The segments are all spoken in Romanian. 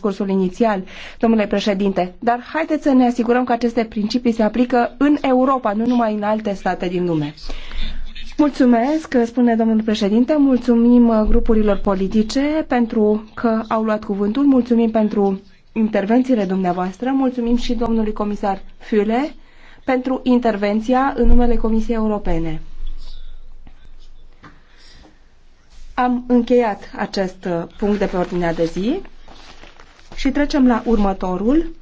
discursul inițial, domnule președinte, dar haideți să ne asigurăm că aceste principii se aplică în Europa, nu numai în alte state din lume. Mulțumesc, spune domnul președinte, mulțumim grupurilor politice pentru că au luat cuvântul, mulțumim pentru intervențiile dumneavoastră, mulțumim și domnului comisar Füle pentru intervenția în numele Comisiei Europene. Am încheiat acest punct de pe ordinea de zi. Și trecem la următorul.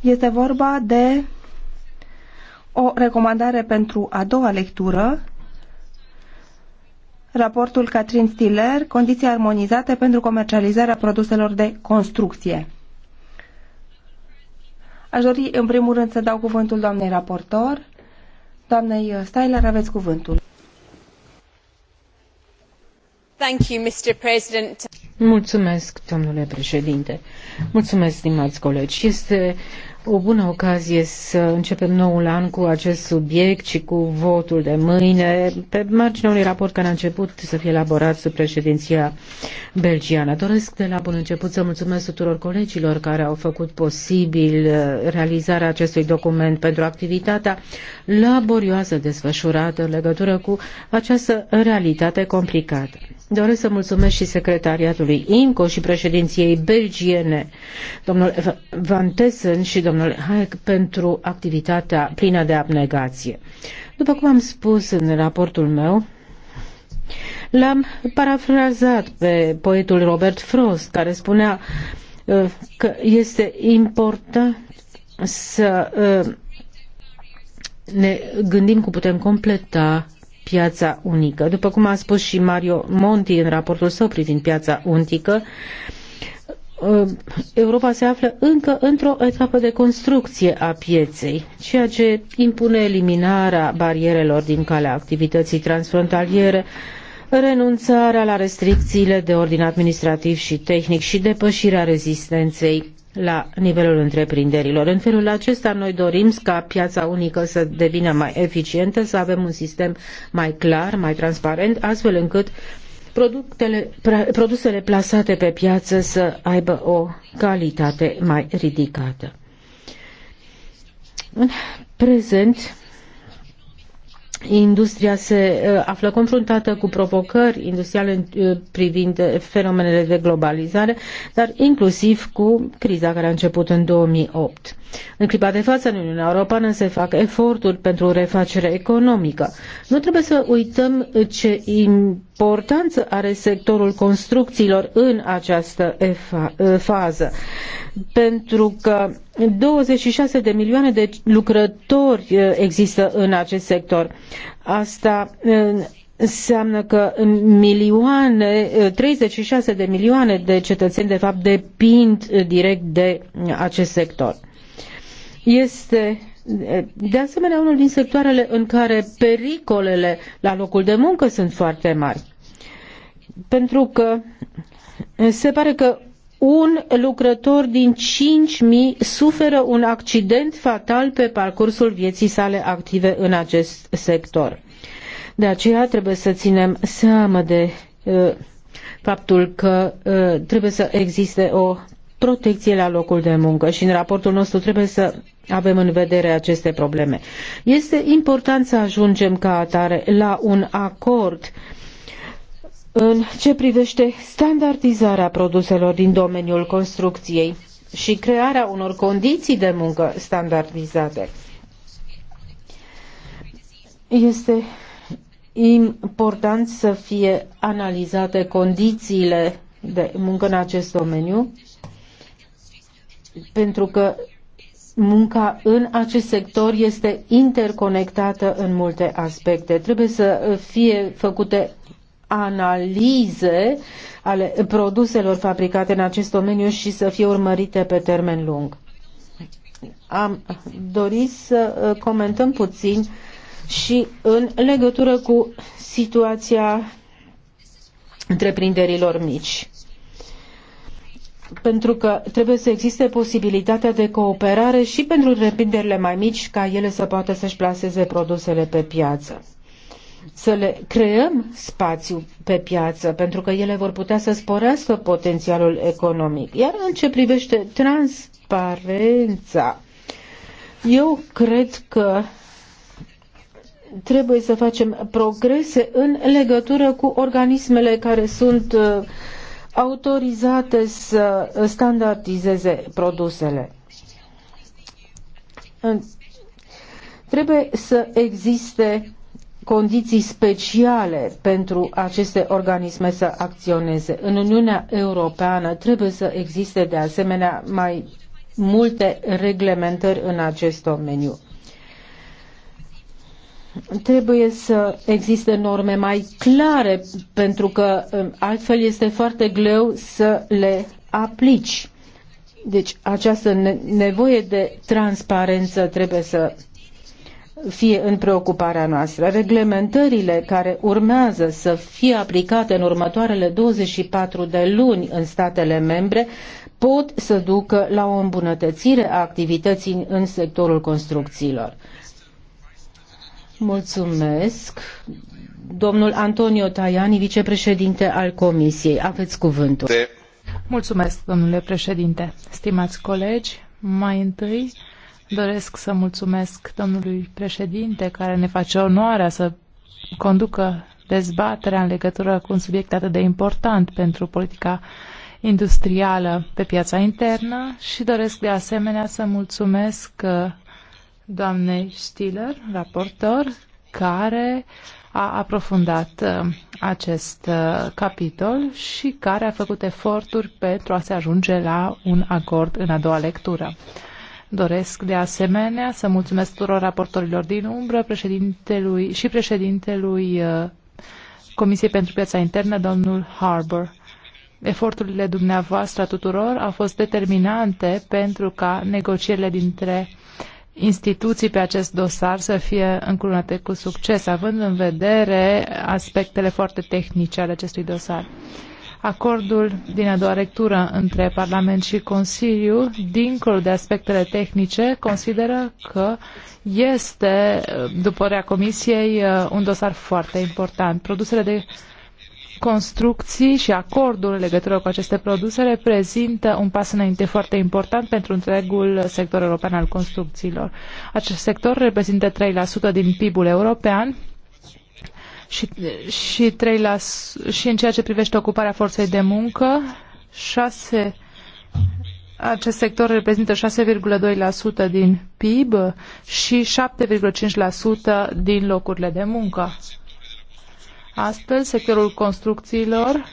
Este vorba de o recomandare pentru a doua lectură, raportul Catrin Stiller, condiții armonizate pentru comercializarea produselor de construcție. Aș dori în primul rând să dau cuvântul doamnei raportor. Doamnei Stiller, aveți cuvântul. Mulțumesc, domnule președinte. Mulțumesc, stimați colegi. Este o bună ocazie să începem noul an cu acest subiect și cu votul de mâine pe marginea unui raport care a început să fie elaborat sub președinția belgiană. Doresc de la bun început să mulțumesc tuturor colegilor care au făcut posibil uh, realizarea acestui document pentru activitatea laborioasă desfășurată în legătură cu această realitate complicată. Doresc să mulțumesc și secretariatului IMCO și președinției belgiene, domnul Van Tessen și domnul Hayek, pentru activitatea plină de abnegație. După cum am spus în raportul meu, l-am parafrazat pe poetul Robert Frost, care spunea uh, că este important să uh, ne gândim cum putem completa piața unică. După cum a spus și Mario Monti în raportul său privind piața unică, uh, Europa se află încă într-o etapă de construcție a pieței, ceea ce impune eliminarea barierelor din calea activității transfrontaliere, renunțarea la restricțiile de ordin administrativ și tehnic și depășirea rezistenței la nivelul întreprinderilor. În felul acesta noi dorim ca piața unică să devină mai eficientă, să avem un sistem mai clar, mai transparent, astfel încât produsele plasate pe piață să aibă o calitate mai ridicată. În prezent, Industria se uh, află confruntată cu provocări industriale uh, privind uh, fenomenele de globalizare, dar inclusiv cu criza care a început în 2008. În clipa de față, în Uniunea Europeană se fac eforturi pentru refacere economică. Nu trebuie să uităm ce importanță are sectorul construcțiilor în această fază, pentru că 26 de milioane de lucrători există în acest sector. Asta înseamnă că milioane, 36 de milioane de cetățeni de fapt depind direct de acest sector este de asemenea unul din sectoarele în care pericolele la locul de muncă sunt foarte mari. Pentru că se pare că un lucrător din 5.000 suferă un accident fatal pe parcursul vieții sale active în acest sector. De aceea trebuie să ținem seama de uh, faptul că uh, trebuie să existe o protecție la locul de muncă și în raportul nostru trebuie să avem în vedere aceste probleme. Este important să ajungem ca atare la un acord în ce privește standardizarea produselor din domeniul construcției și crearea unor condiții de muncă standardizate. Este important să fie analizate condițiile de muncă în acest domeniu pentru că munca în acest sector este interconectată în multe aspecte. Trebuie să fie făcute analize ale produselor fabricate în acest domeniu și să fie urmărite pe termen lung. Am dorit să uh, comentăm puțin și în legătură cu situația întreprinderilor mici pentru că trebuie să existe posibilitatea de cooperare și pentru întreprinderile mai mici ca ele să poată să-și plaseze produsele pe piață. Să le creăm spațiu pe piață, pentru că ele vor putea să sporească potențialul economic. Iar în ce privește transparența, eu cred că trebuie să facem progrese în legătură cu organismele care sunt uh, autorizate să standardizeze produsele. Trebuie să existe condiții speciale pentru aceste organisme să acționeze. În Uniunea Europeană trebuie să existe de asemenea mai multe reglementări în acest domeniu. Trebuie să existe norme mai clare, pentru că um, altfel este foarte greu să le aplici. Deci această nevoie de transparență trebuie să fie în preocuparea noastră. Reglementările care urmează să fie aplicate în următoarele 24 de luni în statele membre pot să ducă la o îmbunătățire a activității în sectorul construcțiilor. Mulțumesc. Domnul Antonio Tajani, vicepreședinte al Comisiei, aveți cuvântul. De. Mulțumesc, domnule președinte. Stimați colegi, mai întâi doresc să mulțumesc domnului președinte care ne face onoarea să conducă dezbaterea în legătură cu un subiect atât de important pentru politica industrială pe piața internă și doresc de asemenea să mulțumesc uh, doamnei Stiller, raportor, care a aprofundat uh, acest uh, capitol și care a făcut eforturi pentru a se ajunge la un acord în a doua lectură. Doresc de asemenea să mulțumesc tuturor raportorilor din umbră președintelui și președintelui uh, Comisiei pentru Piața Internă, domnul Harbour. Eforturile dumneavoastră tuturor au fost determinante pentru ca negocierile dintre instituții pe acest dosar să fie înclunate cu succes, având în vedere aspectele foarte tehnice ale acestui dosar. Acordul din a doua lectură între Parlament și Consiliu, dincolo de aspectele tehnice, consideră că este, după rea Comisiei, un dosar foarte important. Produsele de construcții și acordul în legătură cu aceste produse reprezintă un pas înainte foarte important pentru întregul sector european al construcțiilor. Acest sector reprezintă 3% din PIB-ul european și, și, 3 la, și în ceea ce privește ocuparea forței de muncă, 6 acest sector reprezintă 6,2% din PIB și 7,5% din locurile de muncă. Astfel, sectorul construcțiilor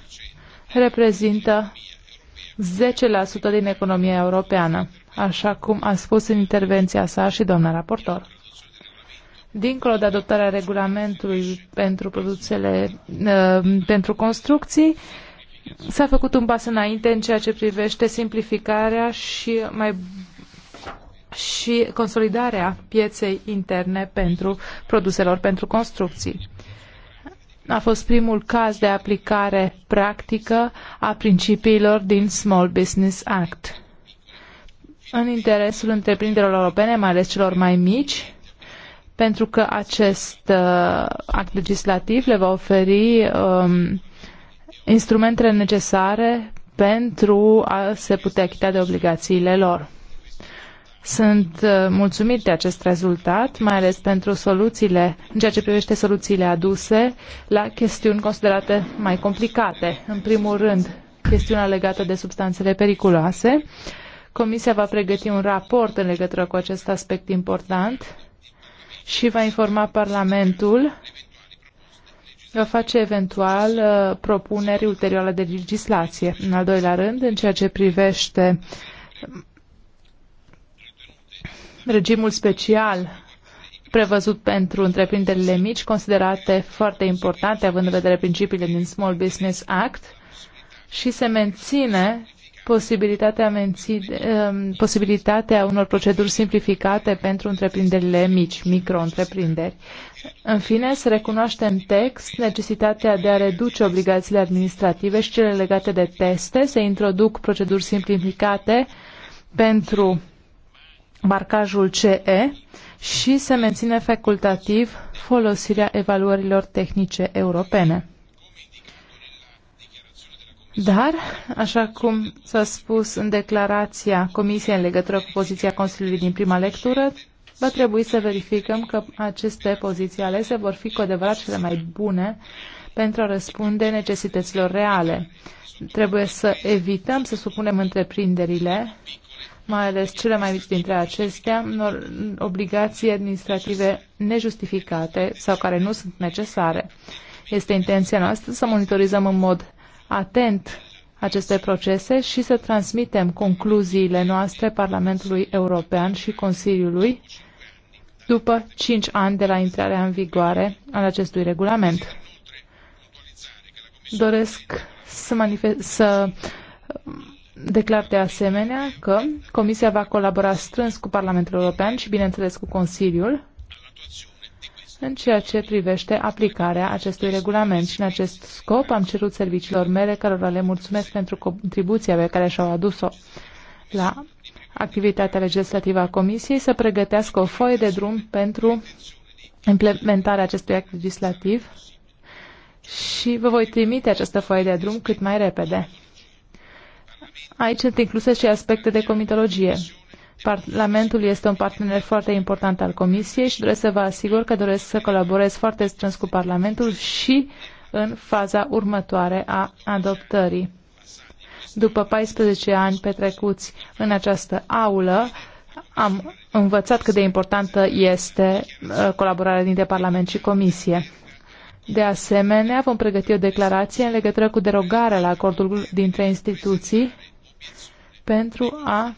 reprezintă 10% din economia europeană, așa cum a spus în intervenția sa și doamna raportor. Dincolo de adoptarea regulamentului pentru produsele uh, pentru construcții, s-a făcut un pas înainte în ceea ce privește simplificarea și mai și consolidarea pieței interne pentru produselor pentru construcții a fost primul caz de aplicare practică a principiilor din Small Business Act. În interesul întreprinderilor europene, mai ales celor mai mici, pentru că acest uh, act legislativ le va oferi um, instrumentele necesare pentru a se putea achita de obligațiile lor. Sunt uh, mulțumit de acest rezultat, mai ales pentru soluțiile, în ceea ce privește soluțiile aduse la chestiuni considerate mai complicate. În primul rând, chestiunea legată de substanțele periculoase. Comisia va pregăti un raport în legătură cu acest aspect important și va informa Parlamentul, va face eventual uh, propuneri ulterioare de legislație. În al doilea rând, în ceea ce privește regimul special prevăzut pentru întreprinderile mici, considerate foarte importante, având în vedere principiile din Small Business Act, și se menține posibilitatea, menține, um, posibilitatea unor proceduri simplificate pentru întreprinderile mici, micro-întreprinderi. În fine, se recunoaște în text necesitatea de a reduce obligațiile administrative și cele legate de teste, se introduc proceduri simplificate pentru marcajul CE și se menține facultativ folosirea evaluărilor tehnice europene. Dar, așa cum s-a spus în declarația Comisiei în legătură cu poziția Consiliului din prima lectură, va trebui să verificăm că aceste poziții alese vor fi cu adevărat cele mai bune pentru a răspunde necesităților reale. Trebuie să evităm să supunem întreprinderile mai ales cele mai mici dintre acestea, unor obligații administrative nejustificate sau care nu sunt necesare. Este intenția noastră să monitorizăm în mod atent aceste procese și să transmitem concluziile noastre Parlamentului European și Consiliului după 5 ani de la intrarea în vigoare al acestui regulament. Doresc să, manifest, să Declar de asemenea că Comisia va colabora strâns cu Parlamentul European și, bineînțeles, cu Consiliul în ceea ce privește aplicarea acestui regulament și în acest scop am cerut serviciilor mele cărora le mulțumesc pentru contribuția pe care și-au adus-o la activitatea legislativă a Comisiei să pregătească o foaie de drum pentru implementarea acestui act legislativ și vă voi trimite această foaie de drum cât mai repede. Aici sunt incluse și aspecte de comitologie. Parlamentul este un partener foarte important al Comisiei și doresc să vă asigur că doresc să colaborez foarte strâns cu Parlamentul și în faza următoare a adoptării. După 14 ani petrecuți în această aulă, am învățat cât de importantă este uh, colaborarea dintre Parlament și Comisie. De asemenea, vom pregăti o declarație în legătură cu derogarea la acordul dintre instituții pentru a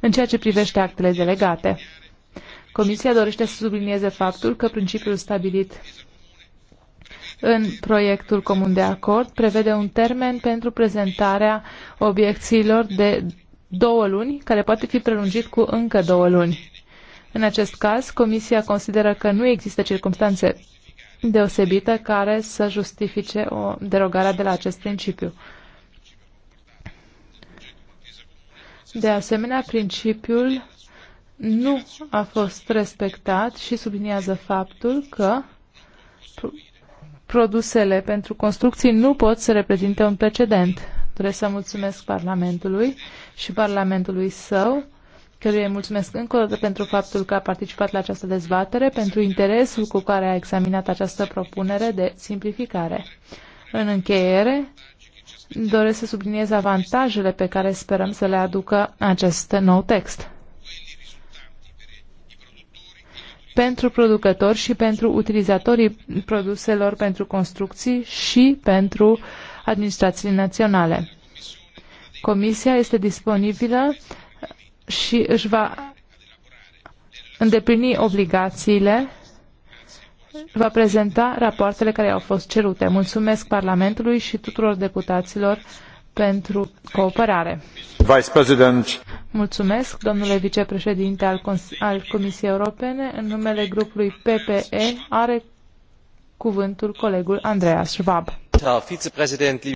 în ceea ce privește actele delegate. Comisia dorește să sublinieze faptul că principiul stabilit în proiectul comun de acord prevede un termen pentru prezentarea obiecțiilor de două luni, care poate fi prelungit cu încă două luni. În acest caz, Comisia consideră că nu există circunstanțe deosebită care să justifice o derogare de la acest principiu. De asemenea, principiul nu a fost respectat și subliniază faptul că produsele pentru construcții nu pot să reprezinte un precedent. Doresc să mulțumesc Parlamentului și Parlamentului său, căruia îi mulțumesc încă o dată pentru faptul că a participat la această dezbatere, pentru interesul cu care a examinat această propunere de simplificare. În încheiere, doresc să subliniez avantajele pe care sperăm să le aducă acest nou text. pentru producători și pentru utilizatorii produselor pentru construcții și pentru administrațiile naționale. Comisia este disponibilă și își va îndeplini obligațiile va prezenta rapoartele care au fost cerute. Mulțumesc Parlamentului și tuturor deputaților pentru cooperare. Vice President. Mulțumesc, domnule vicepreședinte al, al Comisiei Europene. În numele grupului PPE are cuvântul colegul Andreas Schwab.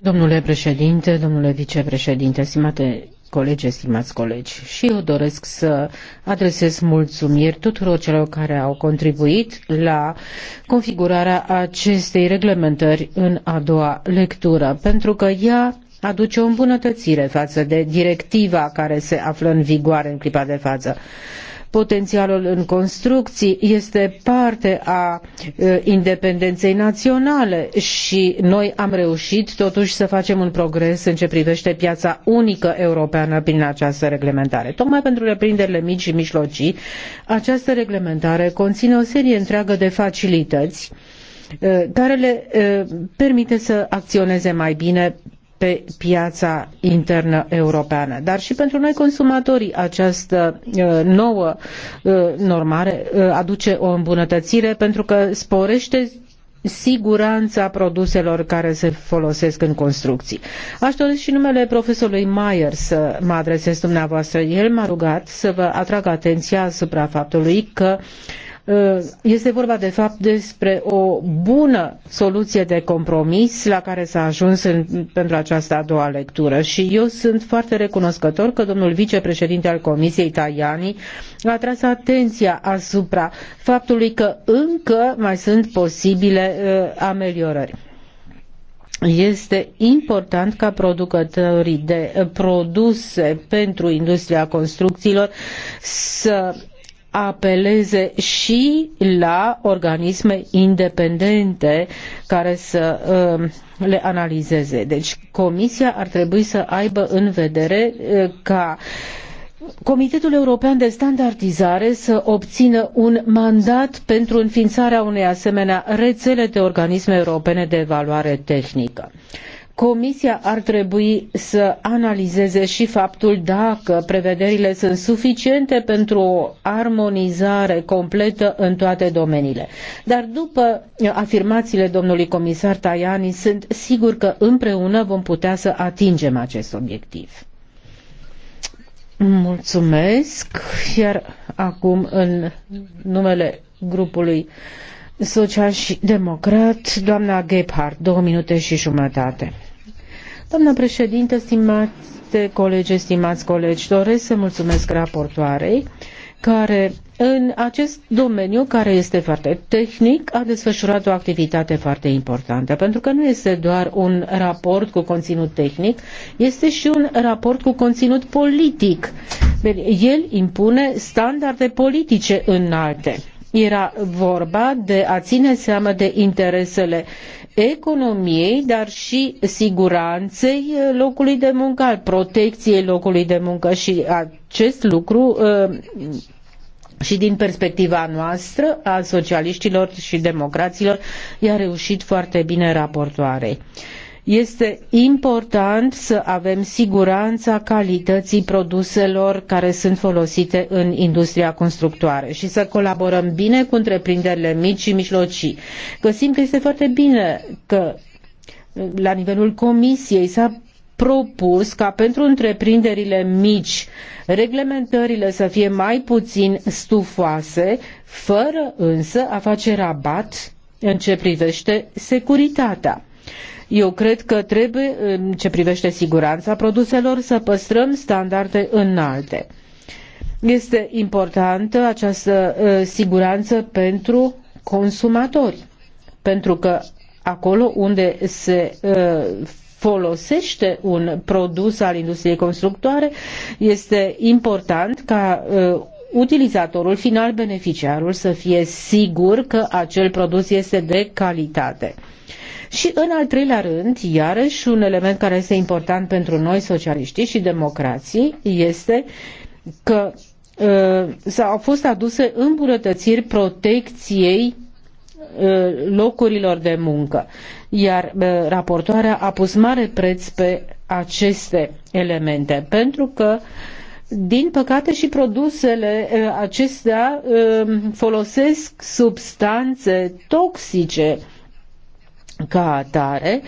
Domnule președinte, domnule vicepreședinte, stimate colegi, estimați colegi, și eu doresc să adresez mulțumiri tuturor celor care au contribuit la configurarea acestei reglementări în a doua lectură, pentru că ea aduce o îmbunătățire față de directiva care se află în vigoare în clipa de față. Potențialul în construcții este parte a independenței naționale și noi am reușit totuși să facem un progres în ce privește piața unică europeană prin această reglementare. Tocmai pentru întreprinderile mici și mijlocii, această reglementare conține o serie întreagă de facilități care le permite să acționeze mai bine pe piața internă europeană. Dar și pentru noi consumatorii această uh, nouă uh, normare uh, aduce o îmbunătățire pentru că sporește siguranța produselor care se folosesc în construcții. Aș dori și numele profesorului Mayer să mă adresez dumneavoastră. El m-a rugat să vă atrag atenția asupra faptului că uh, Uh, este vorba de fapt despre o bună soluție de compromis la care s-a ajuns în, pentru această a doua lectură și eu sunt foarte recunoscător că domnul vicepreședinte al Comisiei Tajani a tras atenția asupra faptului că încă mai sunt posibile uh, ameliorări. Este important ca producătorii de uh, produse pentru industria construcțiilor să apeleze și la organisme independente care să um, le analizeze. Deci Comisia ar trebui să aibă în vedere uh, ca Comitetul European de Standardizare să obțină un mandat pentru înființarea unei asemenea rețele de organisme europene de evaluare tehnică. Comisia ar trebui să analizeze și faptul dacă prevederile sunt suficiente pentru o armonizare completă în toate domeniile. Dar după afirmațiile domnului comisar Tajani, sunt sigur că împreună vom putea să atingem acest obiectiv. Mulțumesc, iar acum în numele grupului Social și democrat, doamna Gebhardt, două minute și jumătate. Doamna președinte, stimate colegi, stimați colegi, doresc să mulțumesc raportoarei care în acest domeniu, care este foarte tehnic, a desfășurat o activitate foarte importantă, pentru că nu este doar un raport cu conținut tehnic, este și un raport cu conținut politic. El impune standarde politice înalte era vorba de a ține seama de interesele economiei, dar și siguranței locului de muncă, al protecției locului de muncă și acest lucru uh, și din perspectiva noastră a socialiștilor și democraților i-a reușit foarte bine raportoarei. Este important să avem siguranța calității produselor care sunt folosite în industria constructoare și să colaborăm bine cu întreprinderile mici și mijlocii. Găsim că este foarte bine că la nivelul comisiei s-a propus ca pentru întreprinderile mici reglementările să fie mai puțin stufoase, fără însă a face rabat în ce privește securitatea. Eu cred că trebuie, în ce privește siguranța produselor, să păstrăm standarde înalte. Este importantă această ă, siguranță pentru consumatori, pentru că acolo unde se ă, folosește un produs al industriei constructoare, este important ca ă, utilizatorul final, beneficiarul, să fie sigur că acel produs este de calitate. Și în al treilea rând, iarăși un element care este important pentru noi socialiștii și democrații este că uh, au fost aduse îmbunătățiri protecției uh, locurilor de muncă. Iar uh, raportoarea a pus mare preț pe aceste elemente, pentru că uh, din păcate și produsele acestea folosesc substanțe toxice ca atare.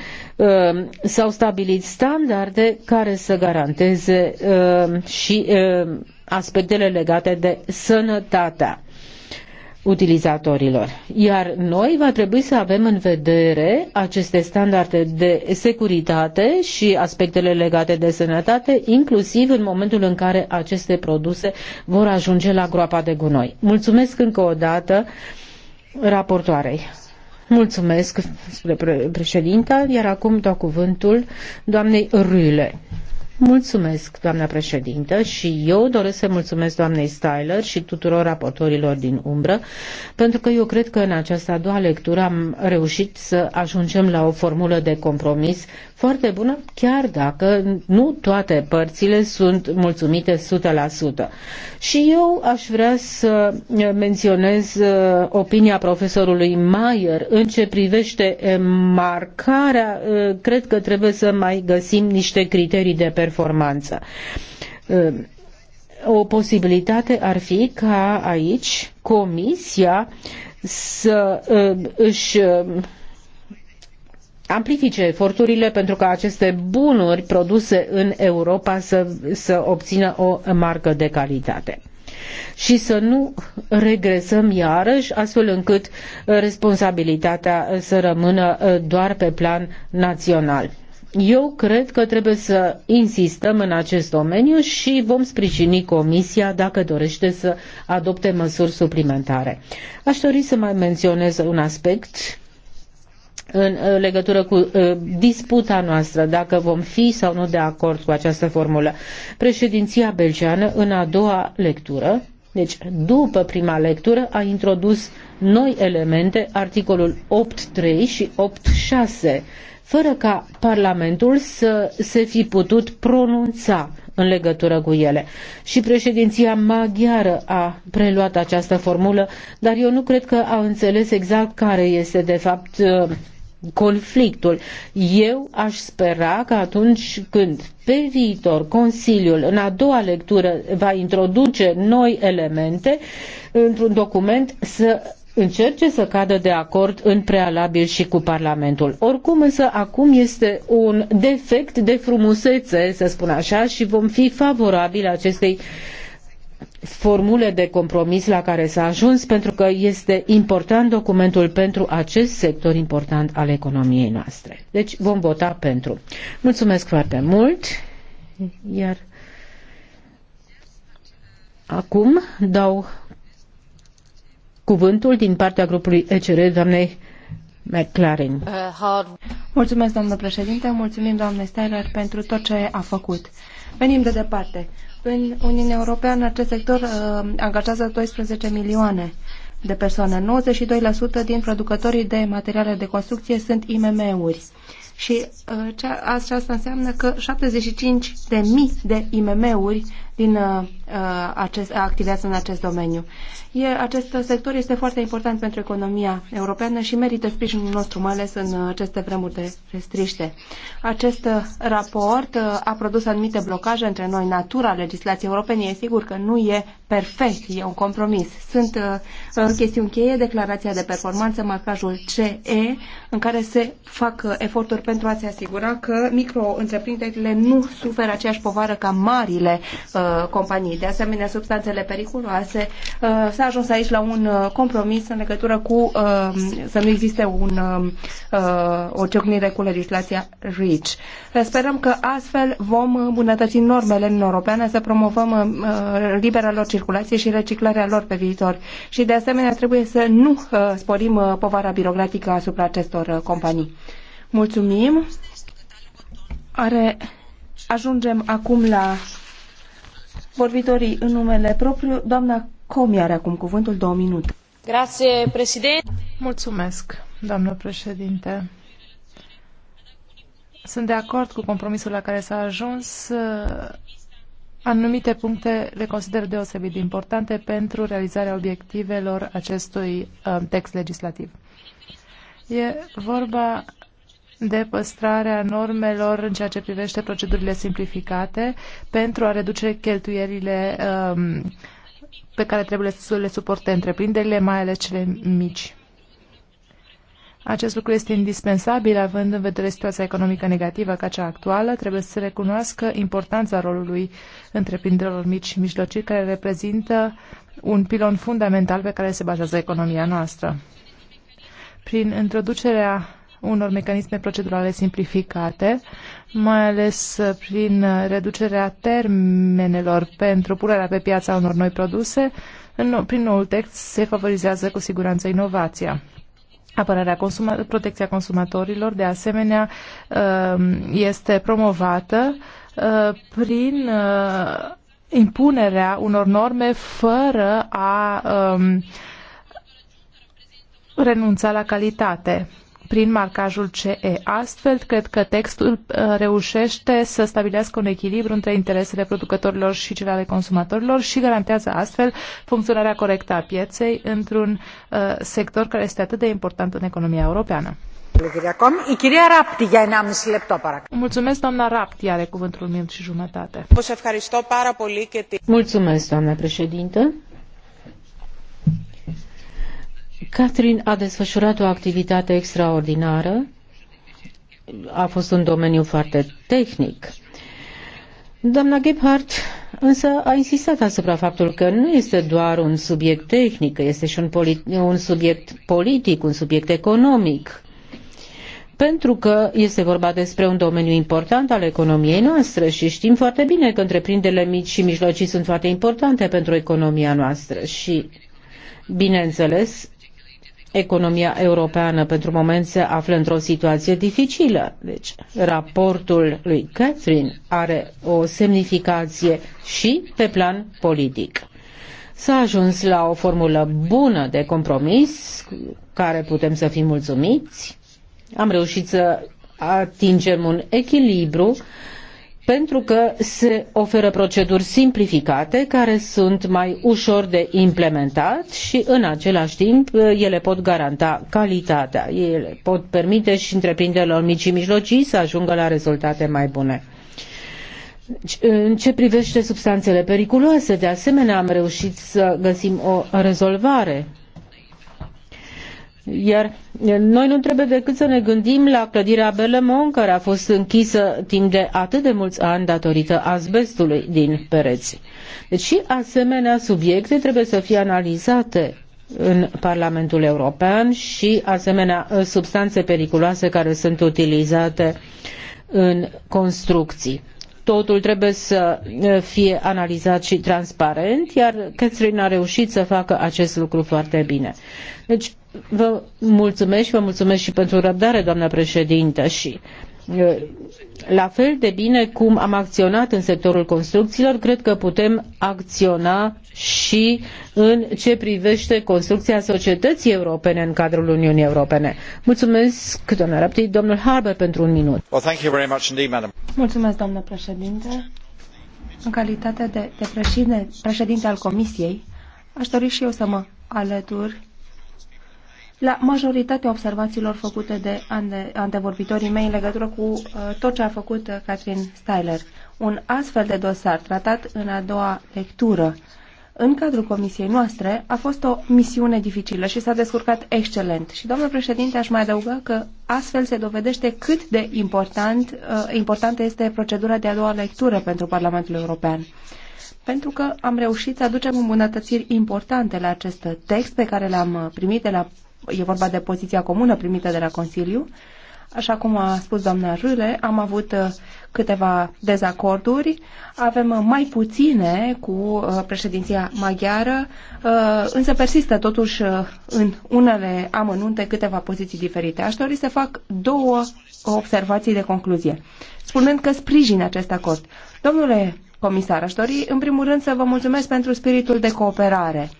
S-au stabilit standarde care să garanteze și aspectele legate de sănătatea utilizatorilor. Iar noi va trebui să avem în vedere aceste standarde de securitate și aspectele legate de sănătate, inclusiv în momentul în care aceste produse vor ajunge la groapa de gunoi. Mulțumesc încă o dată raportoarei. Mulțumesc, spune președinta, iar acum dau cuvântul doamnei Rüle. Mulțumesc, doamna președintă, și eu doresc să mulțumesc doamnei Styler și tuturor raportorilor din umbră, pentru că eu cred că în această a doua lectură am reușit să ajungem la o formulă de compromis foarte bună, chiar dacă nu toate părțile sunt mulțumite 100%. Și eu aș vrea să menționez uh, opinia profesorului Mayer în ce privește marcarea. Uh, cred că trebuie să mai găsim niște criterii de pe performanță. Ă, o posibilitate ar fi ca aici Comisia să ă, își ă, amplifice eforturile pentru ca aceste bunuri produse în Europa să, să obțină o marcă de calitate și să nu regresăm iarăși astfel încât responsabilitatea să rămână doar pe plan național. Eu cred că trebuie să insistăm în acest domeniu și vom sprijini Comisia dacă dorește să adopte măsuri suplimentare. Aș dori să mai menționez un aspect în uh, legătură cu uh, disputa noastră, dacă vom fi sau nu de acord cu această formulă. Președinția belgeană, în a doua lectură, deci după prima lectură, a introdus noi elemente, articolul 8.3 și 8.6 fără ca Parlamentul să se fi putut pronunța în legătură cu ele. Și președinția maghiară a preluat această formulă, dar eu nu cred că a înțeles exact care este de fapt uh, conflictul. Eu aș spera că atunci când pe viitor Consiliul în a doua lectură va introduce noi elemente într-un document să încerce să cadă de acord în prealabil și cu Parlamentul. Oricum însă acum este un defect de frumusețe, să spun așa, și vom fi favorabili acestei formule de compromis la care s-a ajuns pentru că este important documentul pentru acest sector important al economiei noastre. Deci vom vota pentru. Mulțumesc foarte mult. Iar acum dau cuvântul din partea grupului ECR, doamnei McLaren. Uh, Mulțumesc, domnule președinte, mulțumim, doamne Styler, pentru tot ce a făcut. Venim de departe. În Uniunea Europeană acest sector uh, angajează 12 milioane de persoane. 92% din producătorii de materiale de construcție sunt IMM-uri. Și uh, cea, asta înseamnă că 75 de mii de IMM-uri din uh, uh, acest, activează în acest domeniu. E, acest sector este foarte important pentru economia europeană și merită sprijinul nostru, mai ales în aceste vremuri de restriște. Acest uh, raport a produs anumite blocaje între noi. Natura legislației europene e sigur că nu e perfect, e un compromis. Sunt uh, chestiuni cheie, declarația de performanță, marcajul CE, în care se fac eforturi pentru a se asigura că micro-întreprinderile nu suferă aceeași povară ca marile uh, Uh, companii. De asemenea, substanțele periculoase. Uh, s-a ajuns aici la un uh, compromis în legătură cu să nu existe un, o ciocnire cu legislația REACH. Sperăm că astfel vom îmbunătăți normele în europeană să promovăm libera lor circulație și reciclarea lor pe viitor. Și de asemenea trebuie să nu sporim povara birocratică asupra acestor companii. Mulțumim. Are, ajungem acum la vorbitorii în numele propriu. Doamna Comi are acum cuvântul două minute. Grazie, președinte. Mulțumesc, doamnă președinte. Sunt de acord cu compromisul la care s-a ajuns. Anumite puncte le consider deosebit de importante pentru realizarea obiectivelor acestui uh, text legislativ. E vorba de a normelor în ceea ce privește procedurile simplificate pentru a reduce cheltuierile um, pe care trebuie să le suporte întreprinderile, mai ales cele mici. Acest lucru este indispensabil, având în vedere situația economică negativă ca cea actuală, trebuie să se recunoască importanța rolului întreprinderilor mici și mijlocii, care reprezintă un pilon fundamental pe care se bazează economia noastră. Prin introducerea unor mecanisme procedurale simplificate, mai ales prin reducerea termenelor pentru punerea pe piața unor noi produse, în, prin noul text se favorizează cu siguranță inovația. Apărarea consuma- protecția consumatorilor, de asemenea, um, este promovată uh, prin uh, impunerea unor norme fără a um, renunța la calitate prin marcajul CE. Astfel, cred că textul uh, reușește să stabilească un echilibru între interesele producătorilor și cele ale consumatorilor și garantează astfel funcționarea corectă a pieței într-un uh, sector care este atât de important în economia europeană. Mulțumesc, doamna Rapti, are cuvântul un minut și jumătate. Mulțumesc, doamna președintă. Catherine a desfășurat o activitate extraordinară. A fost un domeniu foarte tehnic. Doamna Gebhardt însă a insistat asupra faptul că nu este doar un subiect tehnic, este și un, un subiect politic, un subiect economic. Pentru că este vorba despre un domeniu important al economiei noastre și știm foarte bine că întreprinderile mici și mijlocii sunt foarte importante pentru economia noastră și Bineînțeles, economia europeană pentru moment se află într-o situație dificilă. Deci, raportul lui Catherine are o semnificație și pe plan politic. S-a ajuns la o formulă bună de compromis, care putem să fim mulțumiți. Am reușit să atingem un echilibru pentru că se oferă proceduri simplificate care sunt mai ușor de implementat și în același timp ele pot garanta calitatea. Ele pot permite și întreprinderilor mici și mijlocii să ajungă la rezultate mai bune. Deci, în ce privește substanțele periculoase, de asemenea am reușit să găsim o rezolvare iar eh, noi nu trebuie decât să ne gândim la clădirea Belemont, care a fost închisă timp de atât de mulți ani datorită azbestului din pereți. Deci și asemenea subiecte trebuie să fie analizate în Parlamentul European și asemenea eh, substanțe periculoase care sunt utilizate în construcții. Totul trebuie să eh, fie analizat și transparent, iar Catherine a reușit să facă acest lucru foarte bine. Deci Vă mulțumesc și vă mulțumesc și pentru răbdare, doamna președintă, și la fel de bine cum am acționat în sectorul construcțiilor, cred că putem acționa și în ce privește construcția societății europene în cadrul Uniunii Europene. Mulțumesc, doamna Rapti, domnul Harber, pentru un minut. Mulțumesc, doamna președinte. În calitate de, de președinte, președinte al Comisiei, aș dori și eu să mă alătur la majoritatea observațiilor făcute de ante, antevorbitorii mei în legătură cu uh, tot ce a făcut uh, Catherine Styler. Un astfel de dosar tratat în a doua lectură în cadrul comisiei noastre a fost o misiune dificilă și s-a descurcat excelent. Și, domnul președinte, aș mai adăuga că astfel se dovedește cât de important, uh, importantă este procedura de a doua lectură pentru Parlamentul European pentru că am reușit să aducem îmbunătățiri importante la acest text pe care l-am uh, primit de la e vorba de poziția comună primită de la Consiliu. Așa cum a spus doamna Jule, am avut uh, câteva dezacorduri. Avem mai puține cu uh, președinția maghiară, uh, însă persistă totuși în unele amănunte câteva poziții diferite. Aș dori să fac două observații de concluzie, spunând că sprijin acest acord. Domnule comisar, aș dori în primul rând să vă mulțumesc pentru spiritul de cooperare. Uh,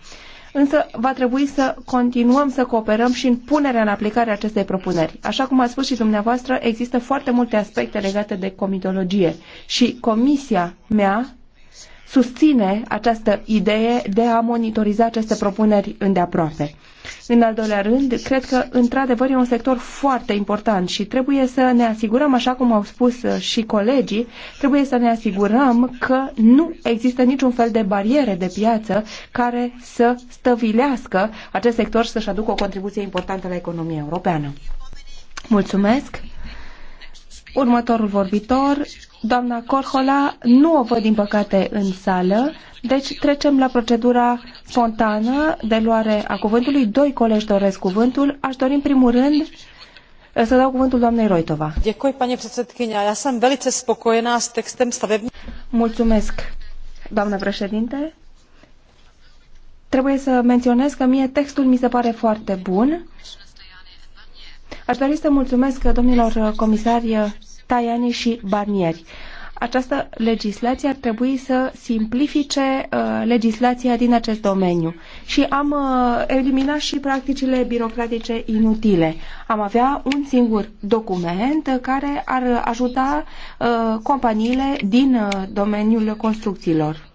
însă va trebui să continuăm să cooperăm și în punerea în aplicare a acestei propuneri. Așa cum a spus și dumneavoastră, există foarte multe aspecte legate de comitologie și comisia mea susține această idee de a monitoriza aceste propuneri îndeaproape. În al doilea rând, cred că într-adevăr e un sector foarte important și trebuie să ne asigurăm, așa cum au spus uh, și colegii, trebuie să ne asigurăm că nu există niciun fel de bariere de piață care să stăvilească acest sector să-și aducă o contribuție importantă la economia europeană. Mulțumesc! Următorul vorbitor Doamna Corhola nu o văd, din păcate, în sală, deci trecem la procedura spontană de luare a cuvântului. Doi colegi doresc cuvântul. Aș dori, în primul rând, să dau cuvântul doamnei Roitova. Mulțumesc, doamnă președinte. Trebuie să menționez că mie textul mi se pare foarte bun. Aș dori să mulțumesc domnilor comisari Tajani și Barnieri. Această legislație ar trebui să simplifice uh, legislația din acest domeniu și am uh, eliminat și practicile birocratice inutile. Am avea un singur document care ar ajuta uh, companiile din uh, domeniul construcțiilor.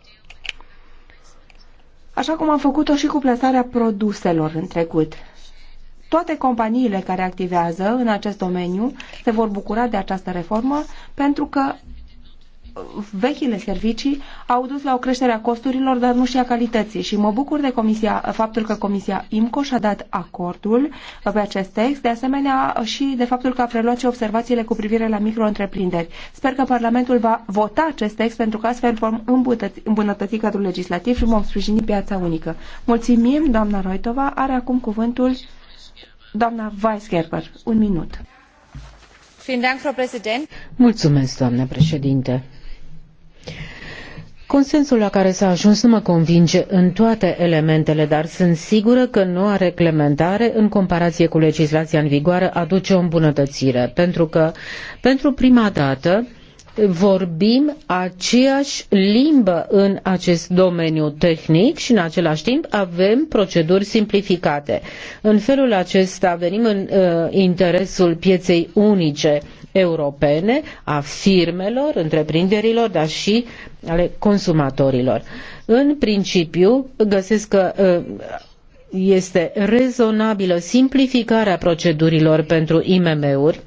Așa cum am făcut-o și cu plasarea produselor în trecut. Toate companiile care activează în acest domeniu se vor bucura de această reformă pentru că vechile servicii au dus la o creștere a costurilor, dar nu și a calității. Și mă bucur de comisia, faptul că Comisia IMCO și-a dat acordul pe acest text, de asemenea și de faptul că a preluat și observațiile cu privire la micro-întreprinderi. Sper că Parlamentul va vota acest text pentru că astfel vom îmbunătăți, îmbunătăți cadrul legislativ și vom sprijini piața unică. Mulțumim, doamna Roitova. Are acum cuvântul Doamna Weisgerber, un minut. Mulțumesc, doamnă președinte. Consensul la care s-a ajuns nu mă convinge în toate elementele, dar sunt sigură că noua reglementare, în comparație cu legislația în vigoare, aduce o îmbunătățire, pentru că, pentru prima dată, vorbim aceeași limbă în acest domeniu tehnic și în același timp avem proceduri simplificate. În felul acesta venim în uh, interesul pieței unice europene, a firmelor, întreprinderilor, dar și ale consumatorilor. În principiu, găsesc că uh, este rezonabilă simplificarea procedurilor pentru IMM-uri,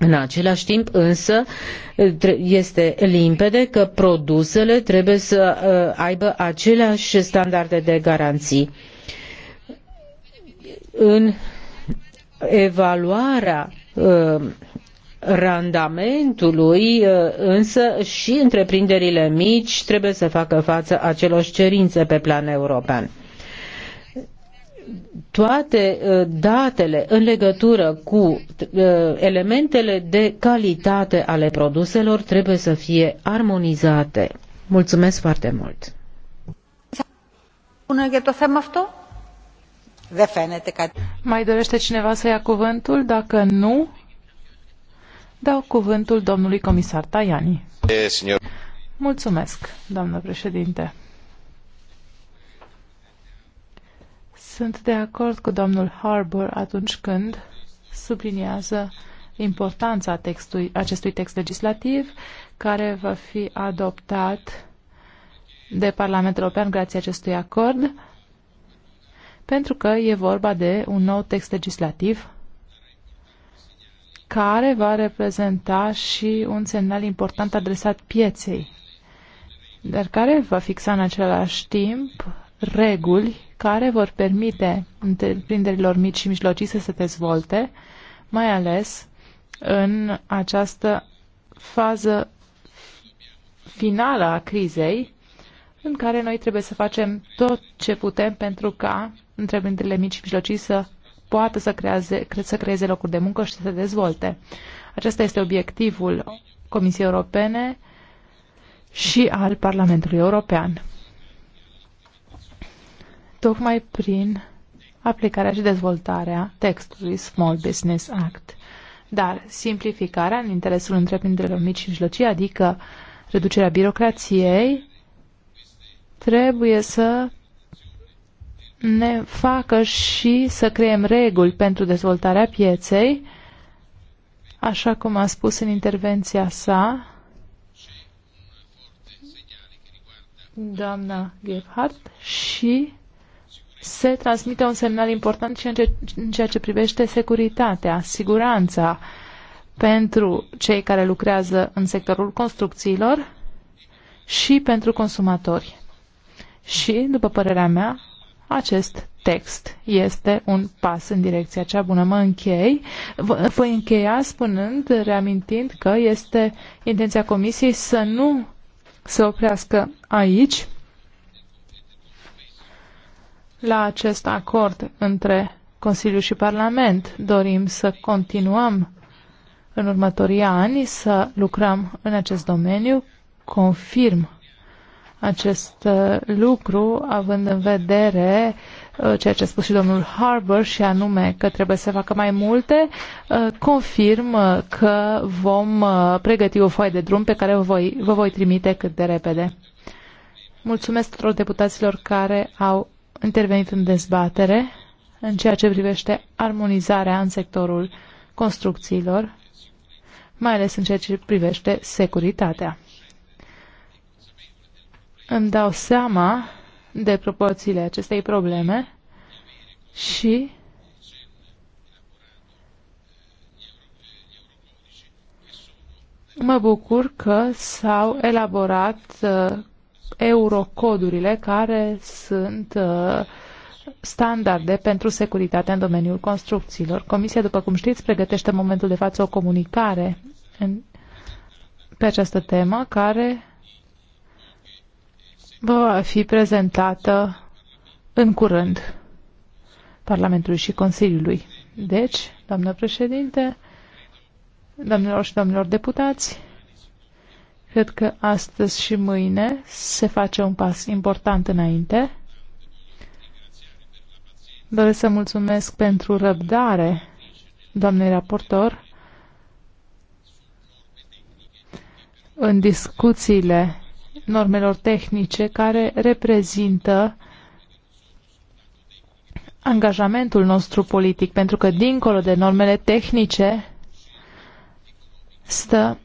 în același timp însă este limpede că produsele trebuie să uh, aibă aceleași standarde de garanții. În evaluarea uh, randamentului, uh, însă și întreprinderile mici trebuie să facă față acelor cerințe pe plan european toate uh, datele în legătură cu uh, elementele de calitate ale produselor trebuie să fie armonizate. Mulțumesc foarte mult! Mai dorește cineva să ia cuvântul? Dacă nu, dau cuvântul domnului comisar Tajani. Mulțumesc, doamnă președinte. Sunt de acord cu domnul Harbour atunci când subliniază importanța textului, acestui text legislativ care va fi adoptat de Parlamentul European grație acestui acord, pentru că e vorba de un nou text legislativ care va reprezenta și un semnal important adresat pieței, dar care va fixa în același timp reguli care vor permite întreprinderilor mici și mijlocii să se dezvolte, mai ales în această fază finală a crizei, în care noi trebuie să facem tot ce putem pentru ca întreprinderile mici și mijlocii să poată să creeze, să creeze locuri de muncă și să se dezvolte. Acesta este obiectivul Comisiei Europene și al Parlamentului European tocmai prin aplicarea și dezvoltarea textului Small Business Act. Dar simplificarea în interesul întreprinderilor mici și mijlocii, adică reducerea birocrației, trebuie să ne facă și să creăm reguli pentru dezvoltarea pieței, așa cum a spus în intervenția sa doamna Gebhardt și se transmite un semnal important și în, ce, în ceea ce privește securitatea, siguranța pentru cei care lucrează în sectorul construcțiilor și pentru consumatori. Și, după părerea mea, acest text este un pas în direcția cea bună. Mă închei, voi încheia spunând, reamintind că este intenția Comisiei să nu se oprească aici, la acest acord între Consiliu și Parlament. Dorim să continuăm în următorii ani să lucrăm în acest domeniu. Confirm acest uh, lucru, având în vedere uh, ceea ce a spus și domnul Harbour și anume că trebuie să facă mai multe, uh, confirm că vom pregăti o foaie de drum pe care vă voi, vă voi trimite cât de repede. Mulțumesc tuturor deputaților care au intervenit în dezbatere în ceea ce privește armonizarea în sectorul construcțiilor, mai ales în ceea ce privește securitatea. Îmi dau seama de proporțiile acestei probleme și mă bucur că s-au elaborat uh, eurocodurile care sunt uh, standarde pentru securitatea în domeniul construcțiilor. Comisia, după cum știți, pregătește în momentul de față o comunicare în, pe această temă care va fi prezentată în curând Parlamentului și Consiliului. Deci, doamnă președinte, doamnelor și domnilor deputați, Cred că astăzi și mâine se face un pas important înainte. Doresc să mulțumesc pentru răbdare, doamnei raportor, în discuțiile normelor tehnice care reprezintă angajamentul nostru politic, pentru că dincolo de normele tehnice stă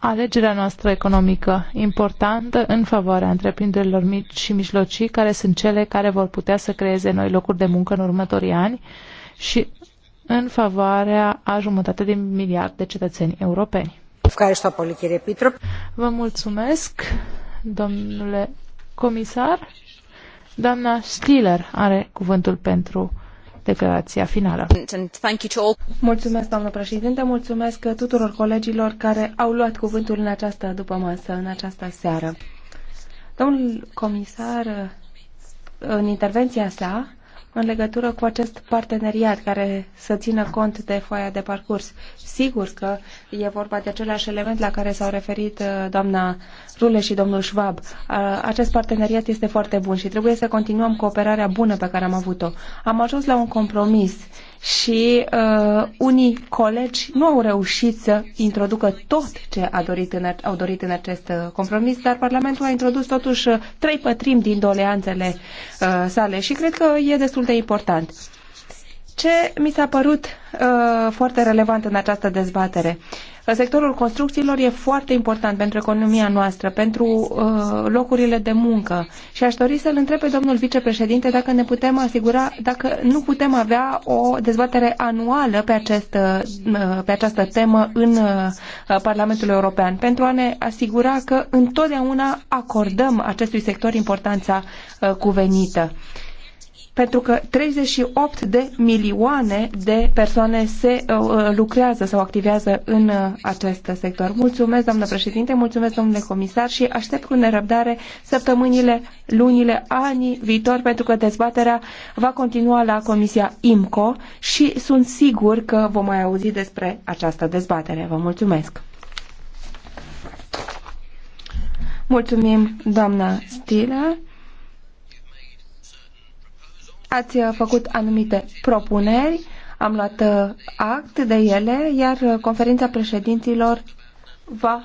alegerea noastră economică importantă în favoarea întreprinderilor mici și mijlocii, care sunt cele care vor putea să creeze noi locuri de muncă în următorii ani și în favoarea a jumătate de miliard de cetățeni europeni. Vă mulțumesc, domnule comisar. Doamna Stiller are cuvântul pentru declarația finală. Mulțumesc, doamnă președinte, mulțumesc tuturor colegilor care au luat cuvântul în această după masă, în această seară. Domnul comisar, în intervenția sa, în legătură cu acest parteneriat care să țină cont de foaia de parcurs. Sigur că e vorba de același element la care s-au referit uh, doamna Rule și domnul Schwab. Uh, acest parteneriat este foarte bun și trebuie să continuăm cooperarea bună pe care am avut-o. Am ajuns la un compromis și uh, unii colegi nu au reușit să introducă tot ce a dorit în, au dorit în acest uh, compromis, dar Parlamentul a introdus totuși uh, trei pătrimi din doleanțele uh, sale și cred că e destul de important. Ce mi s-a părut uh, foarte relevant în această dezbatere? Sectorul construcțiilor e foarte important pentru economia noastră, pentru uh, locurile de muncă și aș dori să-l întreb pe domnul vicepreședinte dacă ne putem asigura, dacă nu putem avea o dezbatere anuală pe, acest, uh, pe această temă în uh, Parlamentul European, pentru a ne asigura că întotdeauna acordăm acestui sector importanța uh, cuvenită. Uh, pentru că 38 de milioane de persoane se uh, uh, lucrează sau activează în uh, acest sector. Mulțumesc, doamnă președinte, mulțumesc, domnule comisar și aștept cu nerăbdare săptămânile, lunile, anii viitor, pentru că dezbaterea va continua la Comisia IMCO și sunt sigur că vom mai auzi despre această dezbatere. Vă mulțumesc! Mulțumim, doamna Stila. Ați uh, făcut anumite propuneri, am luat uh, act de ele, iar uh, conferința președinților va